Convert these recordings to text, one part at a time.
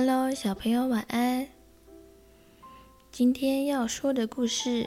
Hello，小朋友晚安。今天要說的故事，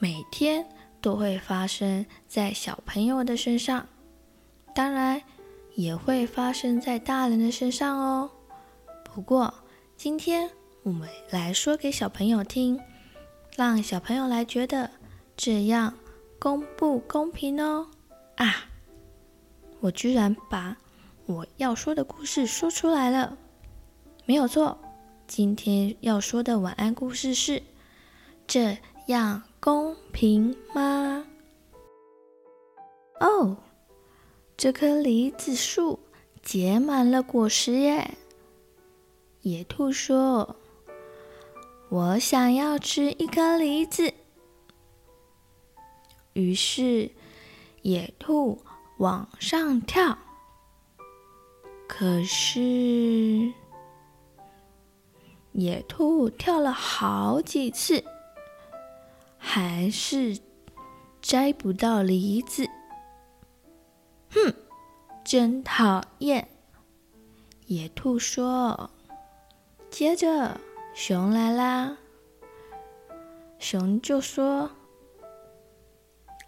每天都會發生在小朋友的身上，當然也會發生在大人的身上哦。不過，今天我們來說給小朋友聽，讓小朋友來覺得這樣公不公平哦。啊，我居然把。我要說的故事說出來了，沒有錯。今天要說的晚安故事是：這樣公平嗎？哦，這棵梨子樹結滿了果實耶。野兔說：“我想要吃一顆梨子。”於是，野兔往上跳。可是，野兔跳了好幾次，還是摘不到梨子。哼，真討厭！野兔說。接着，熊來啦。熊就說：“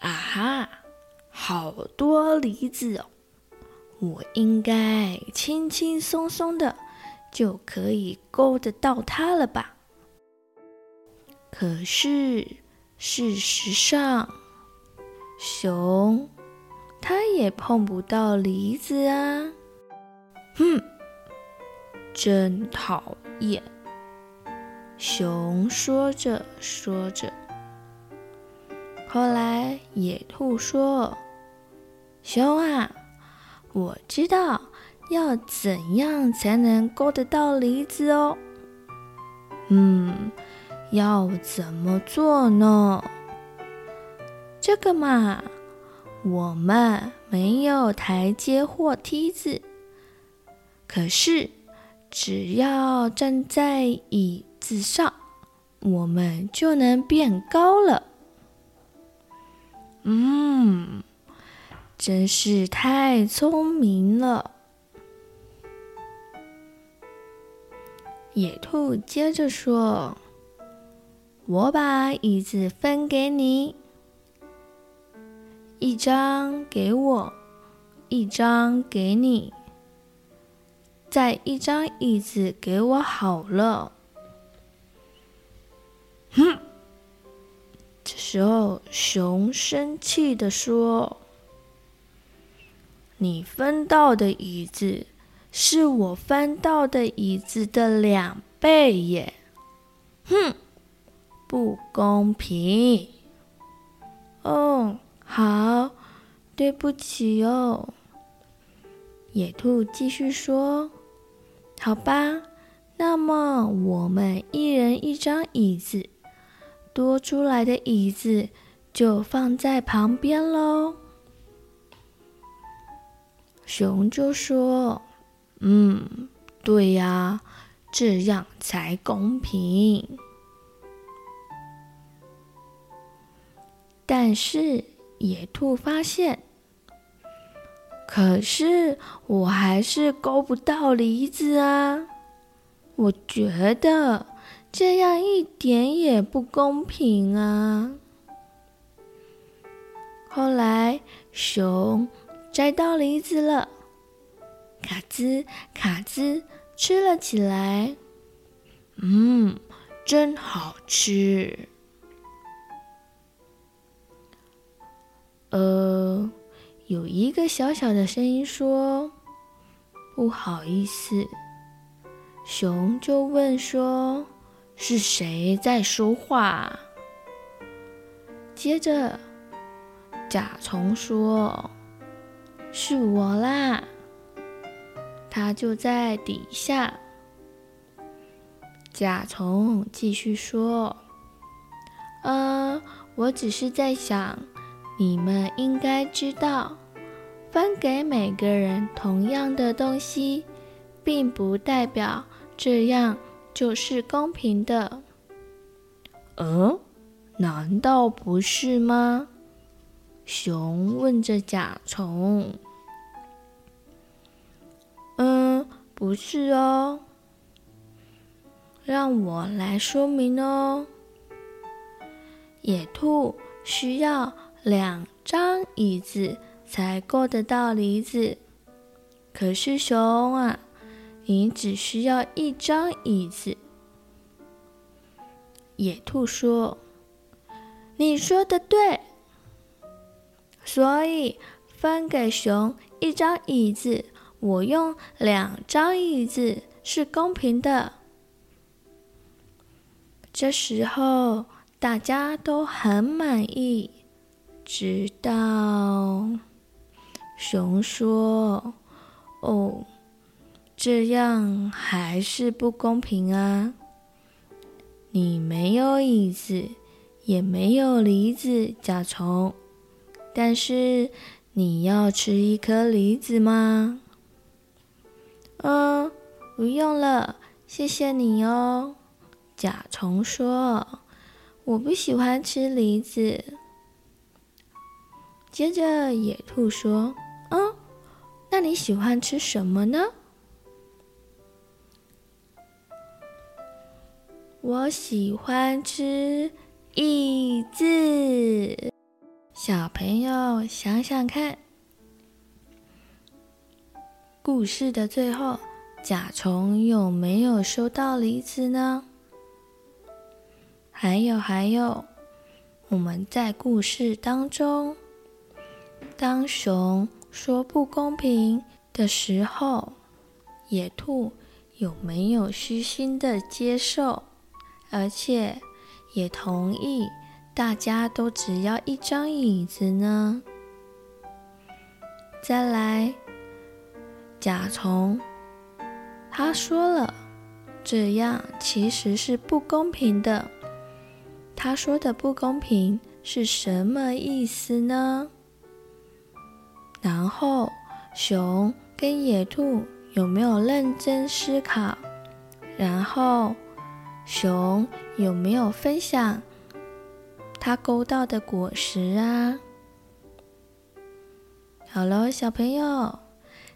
啊哈，好多梨子哦！”我應該輕輕鬆鬆的就可以搆得到它了吧？可是事實上，熊它也碰不到梨子啊！哼，真討厭！熊說着說着，後來野兔說：“熊啊！”我知道要怎樣才能夠得到梨子哦。嗯，要怎麼做呢？這個嘛，我們沒有台階或梯子，可是只要站在椅子上，我們就能變高了。嗯。真是太聰明了！野兔接着說：“我把椅子分給你，一張給我，一張給你，再一張椅子給我好了。”哼！這時候熊生氣地說。你分到的椅子是我分到的椅子的兩倍耶！哼，不公平。哦，好，對不起哦。野兔繼續說：“好吧，那麼我們一人一張椅子，多出來的椅子就放在旁邊嘍。”熊就說：“嗯，對呀，這樣才公平。”但是野兔發現，可是我還是勾不到梨子啊！我覺得這樣一點也不公平啊！後來熊。摘到梨子了，卡滋卡滋吃了起來，嗯，真好吃。呃，有一個小小的聲音說：“不好意思。”熊就問說：“是誰在說話？”接着甲蟲說。是我啦，他就在底下。甲蟲繼續說：“呃，我只是在想，你們應該知道，分給每個人同樣的東西，並不代表這樣就是公平的。呃、嗯，難道不是嗎？”熊問着甲蟲：“嗯，不是哦，讓我來說明哦。野兔需要兩張椅子才夠得到梨子，可是熊啊，你只需要一張椅子。”野兔說：“你說得對。”所以分給熊一張椅子，我用兩張椅子是公平的。這時候大家都很滿意，直到熊說：“哦，這樣還是不公平啊！你沒有椅子，也沒有梨子、甲蟲。”但是你要吃一顆梨子嗎？嗯，不用了，謝謝你哦。甲蟲說：“我不喜歡吃梨子。”接着野兔說：“嗯，那你喜歡吃什麼呢？”我喜歡吃椅子。小朋友，想想看，故事的最後，甲蟲有沒有收到梨子呢？還有還有，我們在故事當中，當熊說不公平的時候，野兔有沒有虛心的接受，而且也同意？大家都只要一張椅子呢。再來，甲蟲，他說了，這樣其實是不公平的。他說的不公平是什麼意思呢？然後，熊跟野兔有沒有認真思考？然後，熊有沒有分享？它勾到的果實啊！好了，小朋友，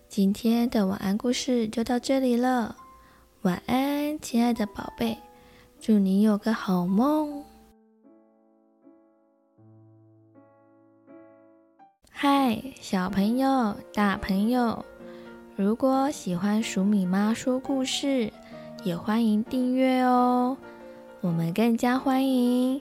今天的晚安故事就到這裡了。晚安，親愛的寶貝，祝你有個好夢。嗨，小朋友、大朋友，如果喜歡黍米媽說故事，也歡迎訂閱哦。我們更加歡迎。